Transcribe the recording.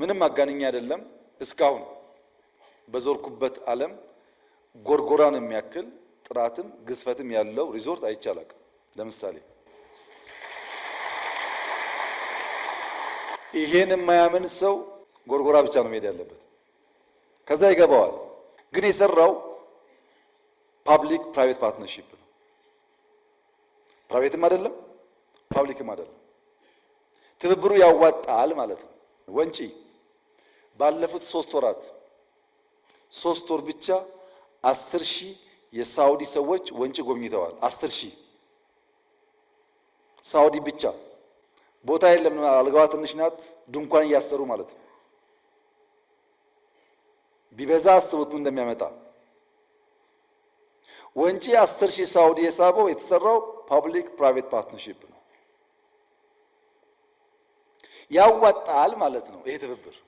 ምንም አጋንኛ አይደለም። እስካሁን በዞርኩበት ዓለም ጎርጎራን የሚያክል ጥራትም ግዝፈትም ያለው ሪዞርት አይቻላል። ለምሳሌ ይሄን የማያምን ሰው ጎርጎራ ብቻ ነው መሄድ ያለበት፣ ከዛ ይገባዋል። ግን የሰራው ፓብሊክ ፕራይቬት ፓርትነርሺፕ ነው። ፕራይቬትም አይደለም ፓብሊክም አይደለም። ትብብሩ ያዋጣል ማለት ነው ወንጪ ባለፉት ሶስት ወራት ሶስት ወር ብቻ አስር ሺህ የሳውዲ ሰዎች ወንጪ ጎብኝተዋል። አስር ሺህ ሳውዲ ብቻ ቦታ የለም። አልጋዋ ትንሽ ናት። ድንኳን እያሰሩ ማለት ነው። ቢበዛ አስቡት ምን እንደሚያመጣ። ወንጪ አስር ሺህ ሳውዲ የሳበው የተሰራው ፓብሊክ ፕራይቬት ፓርትነርሺፕ ነው። ያዋጣል ማለት ነው ይሄ ትብብር